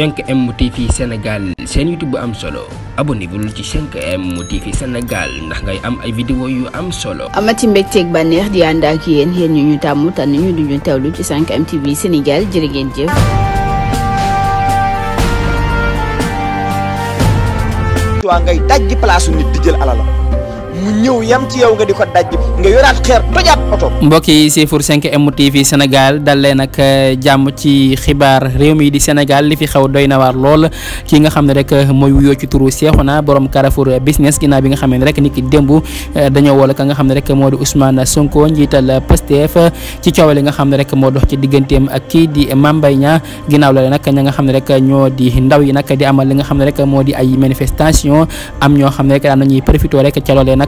5M TV Sénégal seen YouTube bu am solo abonné bul ci 5M TV Sénégal ndax ngay am ay vidéo yu am solo. amati mbégteeg bànneex di ànd ak yéen yéen ñu ñu tàmm tànn ñu duñu teewlu ci 5M TV Sénégal jërë ngeen jëf. waa ngay daj place nit di alala. mu ñëw yam ci yow nga di ko daj nga yoraat xeer tojaat oto. mbokk yi siifur 5M TV Sénégal dal leen ak euh, jàmm ci xibaar réew mi di Sénégal li fi xew doy na lool ki nga xam ne rek euh, mooy wuyoo ci turu Cheikhouna borom Carrefour business ginnaaw bi nga xam ne rek nit démb euh, dañoo wala ka nga xam ne rek moo di Ousmane Sonko njiital Pastef ci coow li nga xam ne rek moo dox ci digganteem ak kii di Mame Mbaye Niang ginnaaw loole nag ña nga xam ne rek ñoo di ndaw yi nag di li nga xam ne rek moo di ay manifestation am ñoo xam ne rek daan nañuy profité rek ca loolee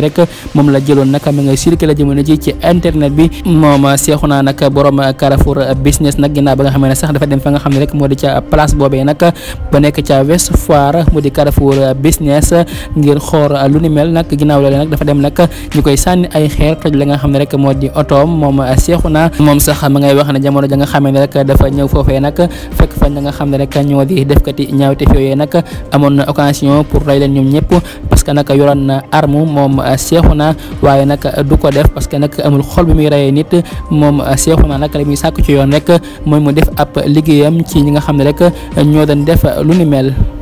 ne rek moom la jëloon nag mi ngay circulé jamono ji ci internet bi moom seexu naa nag borom Carrefour business nag ginnaaw ba nga xam ne sax dafa dem fa nga xam ne rek moo di ca place boobee nag ba nekk ca West Foire mu di ngir xoor lu ni mel nag ginnaaw loolee nag dafa dem nag ñu koy sànni ay xeer toj la nga xam ne rek moo di otoom moom seexu naa moom sax ma ngay wax ne jamono ja nga xamee ne rek dafa ñëw foofee nag fekk fañ la nga xam ne rek ñoo di defkati ñaawte fooyee nag amoon na occasion pour rey leen ñoom ñëpp parce que nag na arme moom na waaye nag du ko def parce que nag amul xool bi muy reyee nit moom Cheikhouna nag la muy sàkk ci yoon rek mooy mu def ab liggéeyam ci ñi nga xam ne rek ñoo doon def lu ni mel